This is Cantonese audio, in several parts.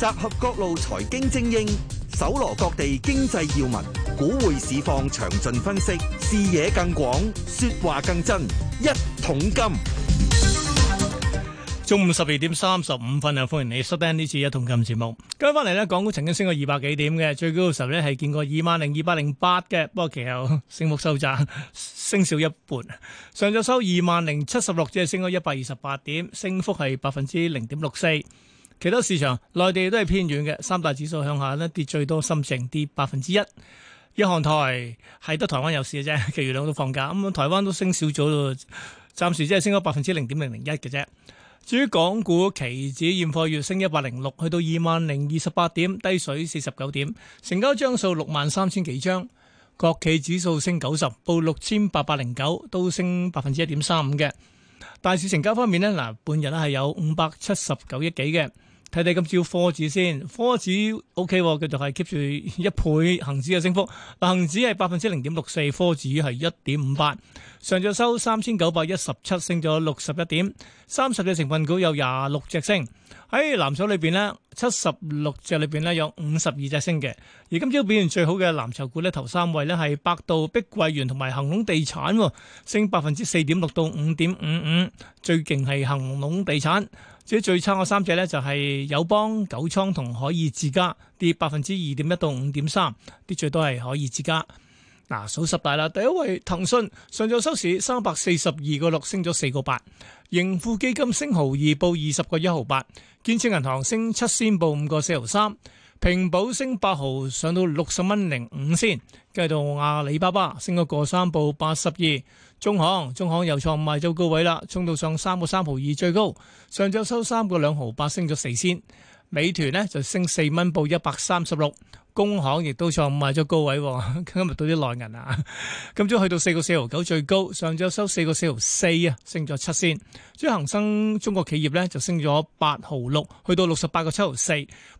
集合各路財經精英，搜羅各地經濟要聞，股匯市況詳盡分析，視野更廣，說話更真。一桶金，中午十二點三十五分啊！歡迎你收聽呢次一桶金節目。今日翻嚟呢，港股曾經升過二百幾點嘅，最高嘅時候呢係見過二萬零二百零八嘅，不過其後升幅收窄，升少一半。上晝收二萬零七十六，只係升咗一百二十八點，升幅係百分之零點六四。其他市場內地都係偏遠嘅，三大指數向下呢跌最多深成，深成跌百分之一，一恆台係得台灣有市嘅啫，其他兩個都放假。咁台灣都升少咗咯，暫時只係升咗百分之零點零零一嘅啫。至於港股期指現貨月升一百零六，去到二萬零二十八點，低水四十九點，成交張數六萬三千幾張。國企指數升九十，報六千八百零九，都升百分之一點三五嘅。大市成交方面呢嗱半日咧係有五百七十九億幾嘅。睇睇今朝科指先，科指 O.K.、哦、繼續係 keep 住一倍恒指嘅升幅，恒指係百分之零點六四，科指係一點五八，上晝收三千九百一十七，升咗六十一點，三十隻成分股有廿六隻升，喺藍籌裏邊呢，七十六隻裏邊呢有五十二隻升嘅，而今朝表現最好嘅藍籌股呢，頭三位呢係百度、碧桂園同埋恒隆地產，升百分之四點六到五點五五，最勁係恒隆地產。即最差嘅三隻呢，就係友邦、九倉同海爾智家跌百分之二點一到五點三，跌最多係海爾智家。嗱，數十大啦，第一位騰訊上晝收市三百四十二個六，升咗四個八；盈富基金升毫二，報二十個一毫八；建設銀行升七仙，報五個四毫三。平保升八毫上到六十蚊零五仙，繼續到阿里巴巴升個過三報八十二，中行中行又創埋最高位啦，衝到上三個三毫二最高，上晝收三個兩毫八，升咗四仙。美團呢就升四蚊報一百三十六。工行亦都再買咗高位，今日到啲內銀啊，今朝去到四個四毫九最高，上晝收四個四毫四啊，升咗七仙。咁恒生中國企業呢就升咗八毫六，去到六十八個七毫四。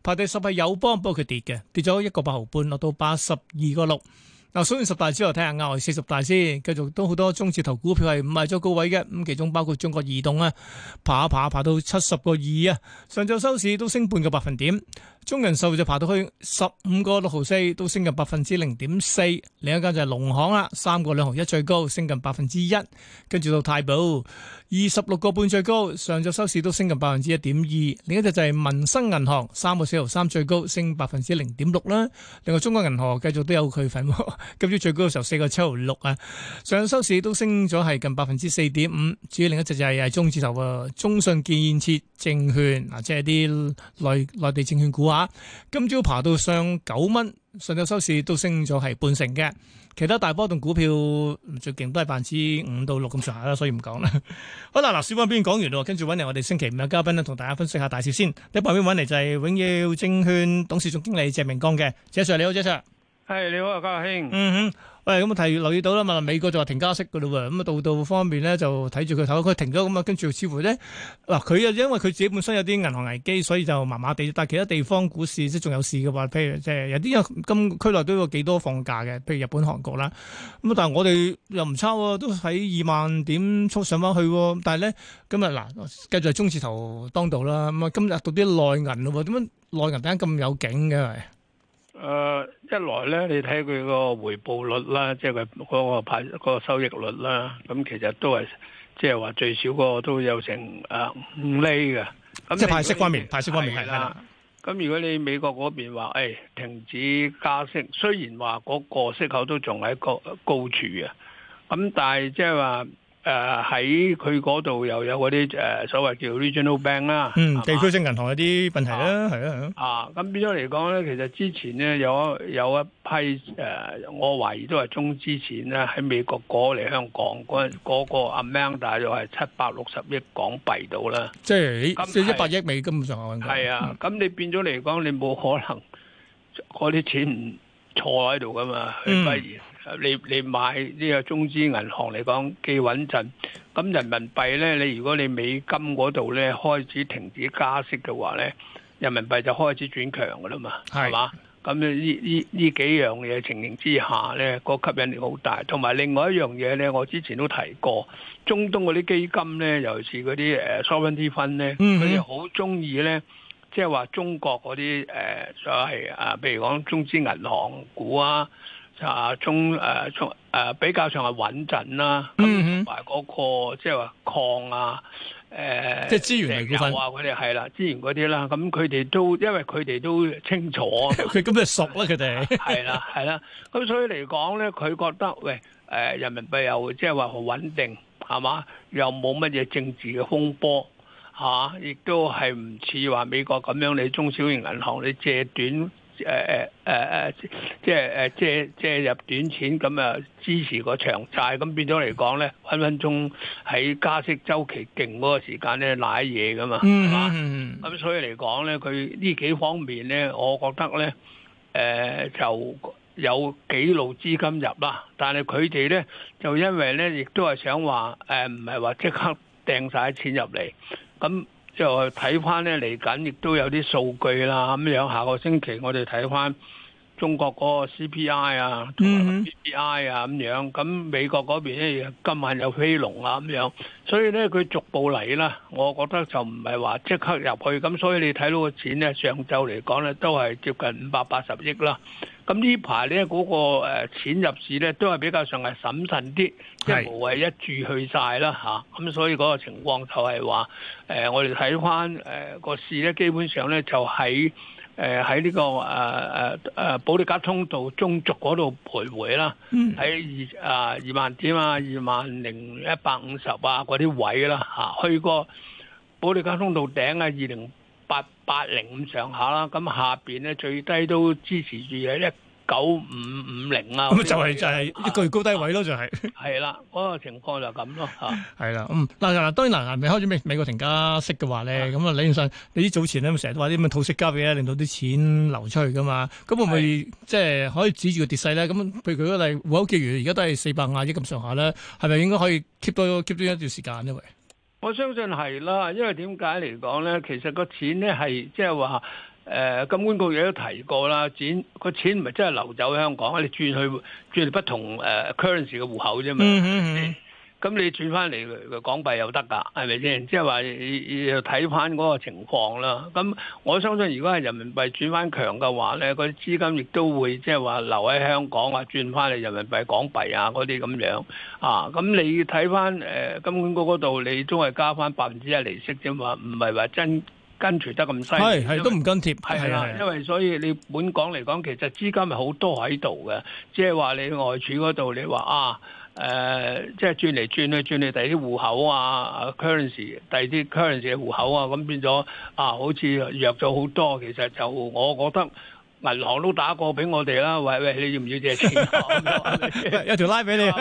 排第十係友邦，不過佢跌嘅，跌咗一個八毫半，落到八十二個六。嗱，數完十大之後，睇下亞外四十大先，繼續都好多中字頭股票係買咗高位嘅，咁其中包括中國移動啊，爬一爬，爬，爬到七十個二啊，上晝收市都升半個百分點。中人壽就爬到去十五個六毫四，都升近百分之零點四。另一間就係農行啦，三個兩毫一最高，升近百分之一。跟住到太保二十六個半最高，上晝收市都升近百分之一點二。另一隻就係民生銀行三個四毫三最高，升百分之零點六啦。另外中國銀行繼續都有佢份，今朝最高嘅時候四個七毫六啊，上晝收市都升咗係近百分之四點五。至於另一隻就係中字頭啊，中信建設證券啊即係啲內內地證券股。話今朝爬到上九蚊，上晝收市都升咗係半成嘅，其他大波動股票唔最勁都係百分之五到六咁上下啦，所以唔講啦。好啦，嗱，小波邊講完啦，跟住揾嚟我哋星期五嘅嘉賓咧，同大家分析下大市先。喺旁邊揾嚟就係永耀證券董事總經理謝明光嘅，謝 Sir 你好，謝 Sir。係你好啊，嘉慶。嗯哼。喂，咁啊睇留意到啦，咪美國就話停加息噶啦喎，咁啊到到方面咧就睇住佢唞，佢停咗，咁啊跟住似乎咧，嗱佢又因為佢自己本身有啲銀行危機，所以就麻麻地，但係其他地方股市即仲有事嘅話，譬如即係、就是、有啲啊，今區內都有幾多放假嘅，譬如日本、韓國啦，咁、嗯、但係我哋又唔差喎，都喺二萬點速上翻去、啊，但係咧今日嗱，繼、嗯啊、續係中字頭當道啦，咁、嗯、啊今日讀啲內銀咯，點樣內銀突然間咁有景嘅？誒、uh, 一來咧，你睇佢個回報率啦，即係佢嗰個派嗰個收益率啦，咁其實都係即係話最少嗰個都有成誒五厘嘅，即係派息方面，派息方面係啦。咁如果你美國嗰邊話誒停止加息，雖然話嗰個息口都仲喺個高處啊，咁但係即係話。誒，喺佢嗰度又有嗰啲誒，所謂叫 regional bank 啦，嗯，地區性銀行有啲問題啦，係啦，啊，咁、啊啊啊、變咗嚟講咧，其實之前咧有有一批誒、呃，我懷疑都係中資錢咧喺美國過嚟香港嗰、那個 amount，大約係七百六十億港幣到啦，即係一一百億美金咁上下係啊，咁、啊嗯、你變咗嚟講，你冇可能嗰啲錢錯喺度噶嘛？不嗯。你你買呢個中資銀行嚟講幾穩陣，咁人民幣咧，你如果你美金嗰度咧開始停止加息嘅話咧，人民幣就開始轉強噶啦嘛，係嘛是？咁呢呢呢幾樣嘢情形之下咧，個吸引力好大。同埋另外一樣嘢咧，我之前都提過，中東嗰啲基金咧，尤其是嗰啲誒 sovereign fund 咧，佢哋好中意咧，即係話中國嗰啲誒，就係啊，譬如講中資銀行股啊。啊，從誒從誒比較上係穩陣啦，咁同埋嗰個即係話礦啊，誒、呃、即係資源嚟嘅分啊，佢哋係啦，資源嗰啲啦，咁佢哋都因為佢哋都清楚，佢咁就熟啦，佢哋係啦係啦，咁 所以嚟講咧，佢覺得喂，誒人民幣又即係話好穩定，係嘛？又冇乜嘢政治嘅風波，嚇、啊、亦都係唔似話美國咁樣，你中小型銀行你借短。誒誒誒誒，即係誒借借入短錢咁啊，支持個長債咁變咗嚟講咧，分分鐘喺加息周期勁嗰個時間咧，瀨嘢㗎嘛，係嘛？咁所以嚟講咧，佢呢幾方面咧，我覺得咧，誒就有幾路資金入啦，但係佢哋咧就因為咧，亦都係想話誒，唔係話即刻掟晒啲錢入嚟咁。即睇翻咧，嚟緊亦都有啲數據啦，咁樣，下個星期我哋睇翻。中國嗰個 CPI 啊同埋 PPI 啊咁樣，咁美國嗰邊咧今晚有飛龍啊咁樣，所以咧佢逐步嚟啦，我覺得就唔係話即刻入去，咁所以你睇到個錢咧，上晝嚟講咧都係接近五百八十億啦。咁呢排咧嗰個誒錢入市咧都係比較上係審慎啲，即係無謂一注去晒啦嚇。咁、啊、所以嗰個情況就係話誒，我哋睇翻誒個市咧，基本上咧就喺、是。誒喺呢個誒誒誒保利加通道中軸嗰度徘徊啦，喺、mm. 二啊二萬點啊二萬零一百五十啊嗰啲位啦嚇，去過保利加通道頂啊二零八八零五上下啦，咁下邊咧最低都支持住喺一。九五五零啊，咁就係就係一個月高低位咯，啊，就係。 係啦，嗰個情況就咁咯嚇。係、啊、啦，嗯，嗱嗱，當然嗱，未開始美美國停加息嘅話咧，咁啊李先生，你啲早前咧，咪成日都話啲咁嘅套息交易，令到啲錢流出去噶嘛，咁會唔會即係的可以止住個跌勢咧？咁譬如佢嗰個戶口結餘，而家都係四百廿億咁上下咧，係咪應該可以 keep 多 keep 多一段時間咧？喂，我相信係啦，因為點解嚟講咧？其實個錢咧係即係話。就是誒金管局亦都提過啦，錢個錢唔係真係流走香港，你轉去轉去不同誒 currency 嘅戶口啫嘛。咁 你轉翻嚟港幣又得㗎，係咪先？即係話你要睇翻嗰個情況啦。咁我相信如果係人民幣轉翻強嘅話咧，嗰啲資金亦都會即係話留喺香港啊，轉翻嚟人民幣、港幣啊嗰啲咁樣啊。咁你睇翻誒金管局嗰度，你都係加翻百分之一利息啫嘛，唔係話真。跟住得咁犀利，係係都唔跟貼，係啦，因為所以你本港嚟講，其實資金係好多喺度嘅，即係話你外儲嗰度，你話啊，誒、呃，即係轉嚟轉去轉去第啲戶口啊，currency，第啲 currency 嘅戶口啊，咁變咗啊，好似弱咗好多，其實就我覺得。銀行都打過俾我哋啦，喂喂，你要唔要借錢？有條拉俾你，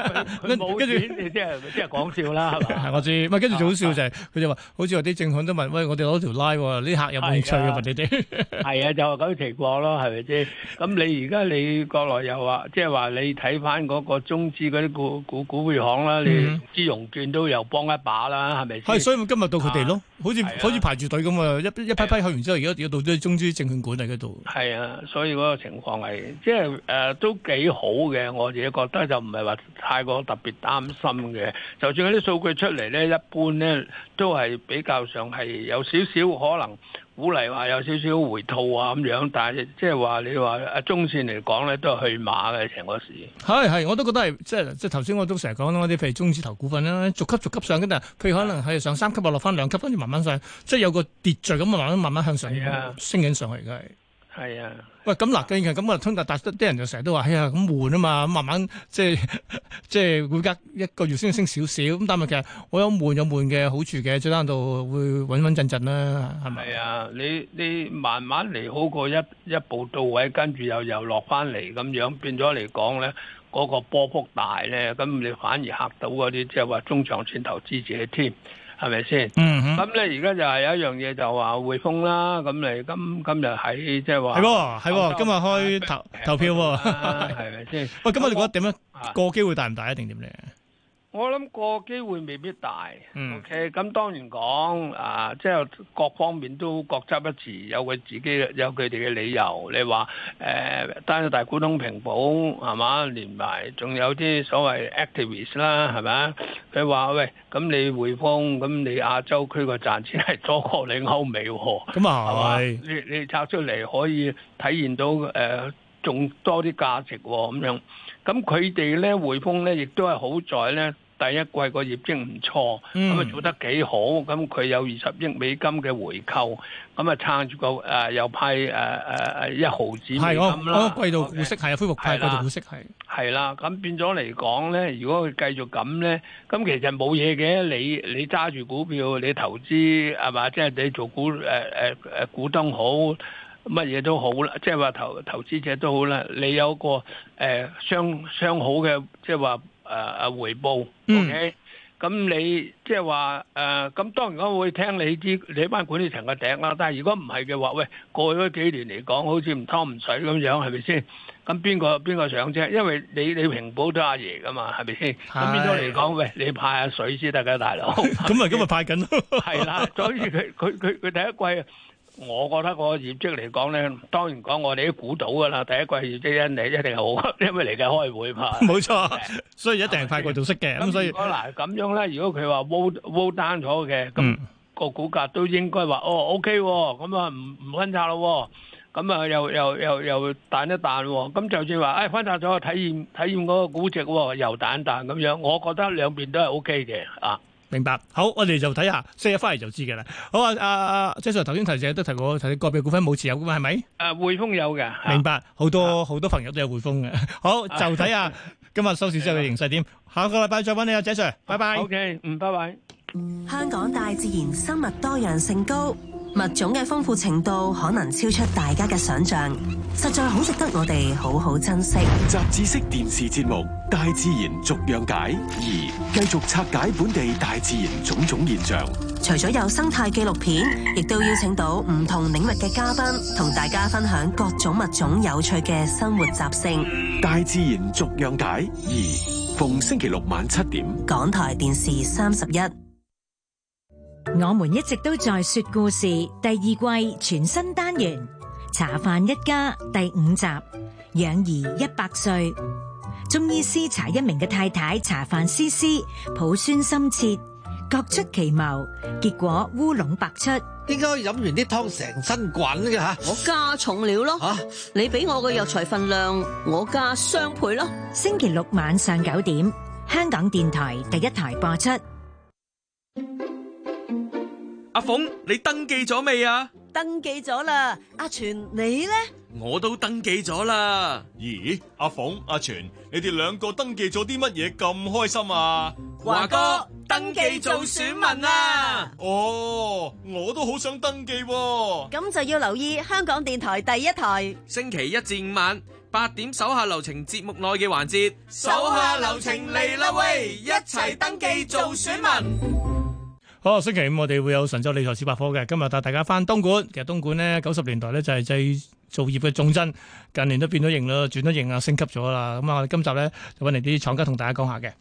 跟住即係即係講笑啦。係我知，唔係，跟住仲好笑就係佢就話，好似話啲證券都問，喂，我哋攞條拉喎，啲客有冇興趣啊？問你哋。係啊，就係咁嘅情況咯，係咪先？咁你而家你國內又話，即係話你睇翻嗰個中資嗰啲股股股票行啦，你資融券都又幫一把啦，係咪先？係，所以今日到佢哋咯，好似好似排住隊咁啊！一一批批去完之後，而家而家到咗中資證券館喺嗰度。係啊。所以嗰個情況係即係誒、呃、都幾好嘅，我自己覺得就唔係話太過特別擔心嘅。就算嗰啲數據出嚟咧，一般咧都係比較上係有少少可能鼓勵話有少少回吐啊咁樣，但係即係話你話啊中線嚟講咧都係去馬嘅成個市。係係，我都覺得係即係即係頭先我都成日講啦，啲譬如中字頭股份啦，逐級逐級，逐級上嘅，但係佢可能係上三級或落翻兩級，跟住慢慢上，即係有個秩序咁慢慢慢慢向上、啊、上升緊上去嘅。係啊，喂，咁嗱，咁啊，通達達啲人就成日都話，哎呀，咁悶啊嘛，咁慢慢即係即係會隔一個月先升，升少少，咁但係其實我有悶有悶嘅好處嘅，最低限度會穩穩陣陣啦，係咪？係啊，你你慢慢嚟好過一一步到位，跟住又又落翻嚟咁樣，變咗嚟講咧，嗰、那個波幅大咧，咁你反而嚇到嗰啲即係話中長線投資者添。係咪先？是是嗯哼，咁咧而家就係有一樣嘢，就話匯豐啦，咁你今今日喺即係話係喎，今日開、就是、投、啊、投票喎，係咪先？喂、哎，咁我哋覺得點樣？個、啊、機會大唔大？定點咧？我諗個機會未必大，嗯、，OK？咁當然講啊，即、就、係、是、各方面都各執一詞，有佢自己有佢哋嘅理由。你話誒、呃，單大股東平保係嘛？連埋仲有啲所謂 activists 啦，係咪佢話喂，咁你匯豐咁你亞洲區個賺錢係多過你歐美，咁啊係咪？吧吧你你拆出嚟，可以體現到誒，仲、呃、多啲價值咁樣。咁佢哋咧，匯豐咧，亦都係好在咧，第一季個業績唔錯，咁啊、嗯、做得幾好，咁佢有二十億美金嘅回購，咁啊撐住個誒、呃，又派誒誒誒一毫子咁咯，個、哦哦、季度股息係啊，恢復派季度股息係。係啦，咁變咗嚟講咧，如果佢繼續咁咧，咁其實冇嘢嘅，你你揸住股票，你投資係嘛，即係、就是、你做股誒誒誒股東好。乜嘢都好啦，即係話投投資者都好啦，你有一個誒相相好嘅，即係話誒誒回報、嗯、，OK？咁你即係話誒，咁、呃、當然我會聽你啲你班管理層嘅笛啦，但係如果唔係嘅話，喂，過去嗰幾年嚟講，好似唔湯唔水咁樣，係咪先？咁邊個邊個上啫？因為你你，你平保都阿爺噶嘛，係咪先？咁邊度嚟講？喂，你派下水先得嘅大佬。咁咪、哦、今日派緊咯。係 啦、啊，所以佢佢佢佢第一季。我覺得個業績嚟講咧，當然講我哋都估到㗎啦。第一季業績因嚟一定好，因為嚟緊開會嘛。冇錯，是是所以一定係快過做息嘅。咁所以嗱咁樣咧，如果佢話 hold down 咗嘅，咁、個股價都應該話、嗯、哦 OK 喎、哦，咁啊唔唔分拆咯、哦，咁啊又又又又，又彈一彈喎、哦。咁就算話誒、哎、分拆咗，體驗體驗嗰個估值又、哦、彈一彈咁樣，我覺得兩邊都係 OK 嘅啊。明白，好，我哋就睇下即日翻嚟就知噶啦。好啊，阿阿謝 Sir，頭先頭只都提、提過，提個別股份冇持有噶嘛，係咪？啊，匯豐有嘅，明白，好、啊、多好、啊、多朋友都有匯豐嘅。好，啊、就睇下、啊、今日收市之後嘅形勢點。的下個禮拜再揾你 Sir, 啊，謝 Sir，拜拜。O K，嗯，拜拜。香港大自然生物多樣性高。物種嘅豐富程度可能超出大家嘅想象，實在好值得我哋好好珍惜。雜誌式電視節目《大自然逐樣解二》，繼續拆解本地大自然種種現象。除咗有生態紀錄片，亦都邀請到唔同領域嘅嘉賓，同大家分享各種物種有趣嘅生活習性。《大自然逐樣解二》，逢星期六晚七點，港台電視三十一。我們一直都在說故事第二季全新單元《茶飯一家》第五集《養兒一百歲》，中醫師查一名嘅太太茶飯思思，抱孫心切，各出奇謀，結果烏龍百出。點解飲完啲湯成身滾嘅吓？我加重料咯吓，啊、你俾我嘅藥材份量，我加雙倍咯。星期六晚上九點，香港電台第一台播出。阿鳳，你登記咗未啊？登記咗啦，阿全你呢？我都登記咗啦。咦，阿鳳、阿全，你哋兩個登記咗啲乜嘢咁開心啊？華哥，登記做選民啊！哦，我都好想登記。咁就要留意香港電台第一台，星期一至五晚八點手下留情節目內嘅環節，手下留情嚟啦喂！一齊登記做選民。好，星期五我哋會有神州理財小百科嘅。今日帶大家翻東莞，其實東莞呢，九十年代呢就係製造業嘅重鎮，近年都變咗型啦，轉咗型啊，升級咗啦。咁啊，我哋今集呢，就揾嚟啲廠家同大家講下嘅。